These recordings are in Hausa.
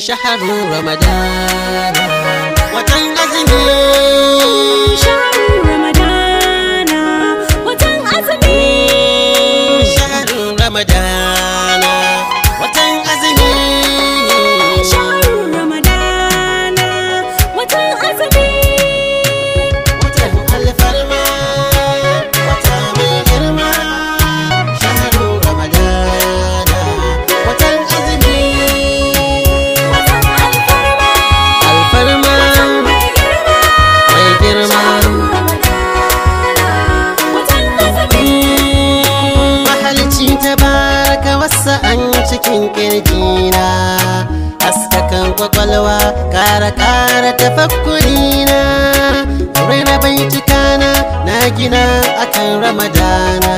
شهر رمضان وطن أزمي شهر kara kara tafakkuri na aure na bincika na na gina akan ramadana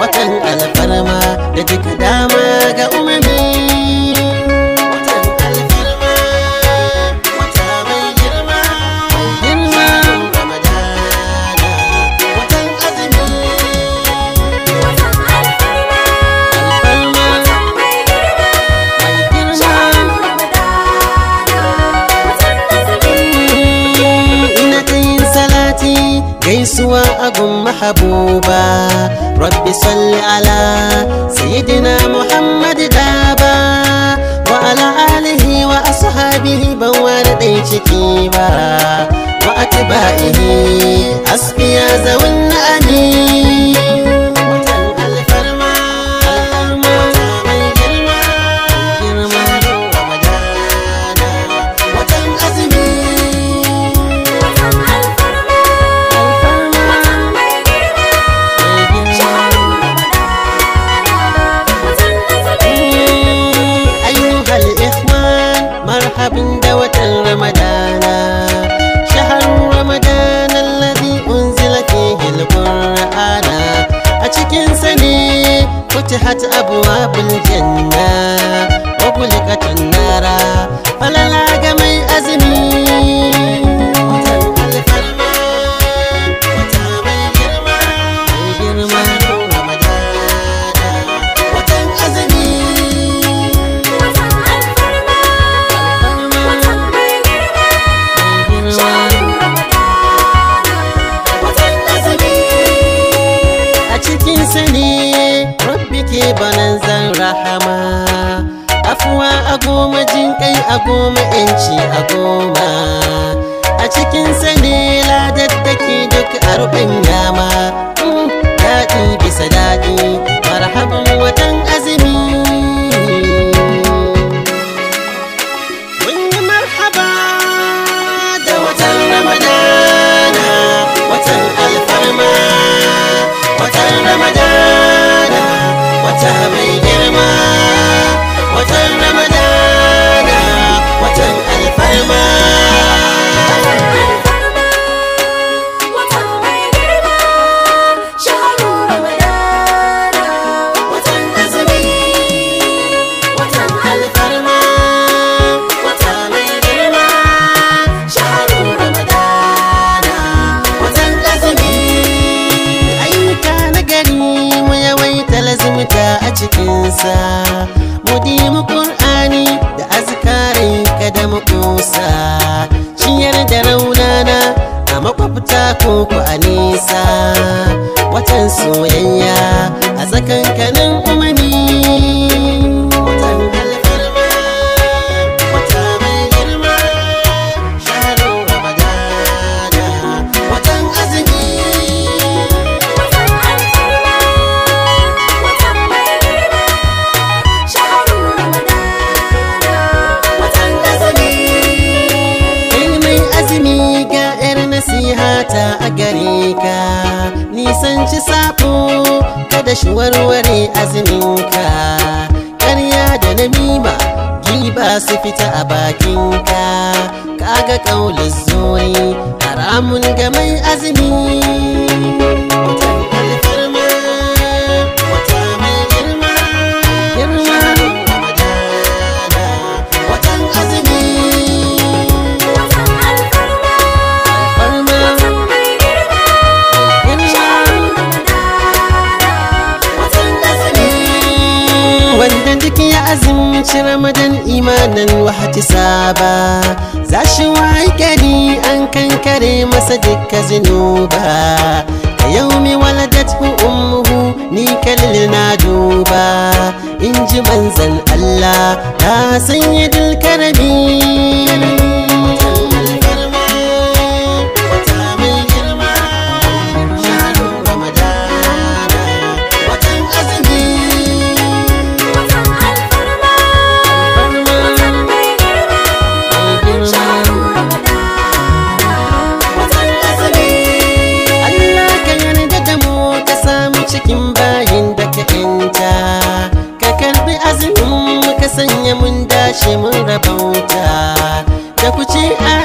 watan alfarma da duka dama ga umarni أم حبوبا ربي صل على سيدنا محمد دابا وعلى آله وأصحابه بوالدي شكيبا وأتباعه أسقيا ذوي Tihar ta abu a kunten na, ko kuli ka banan zan rahama afuwa a goma jin kai a goma yanci a goma a cikin sani ladattaki duk a rubin yama mm, daɗi bisa daɗi marhaban watan time. hausa ciyar da raunana a makwabta ko ku a nisa watan soyayya a tsakankanin kasance sabo kada shi warware azuminka karya da namima giba su fita a bakinka kaga ga zuri haramun ga mai azumi ramadan imanan wahtisaba za shi wai gari an kankare masa dukkan zinuba ka yaumi waladatu ummuhu ni kalil duba in ji manzan Allah ta sanya dulkarami bauta da ku a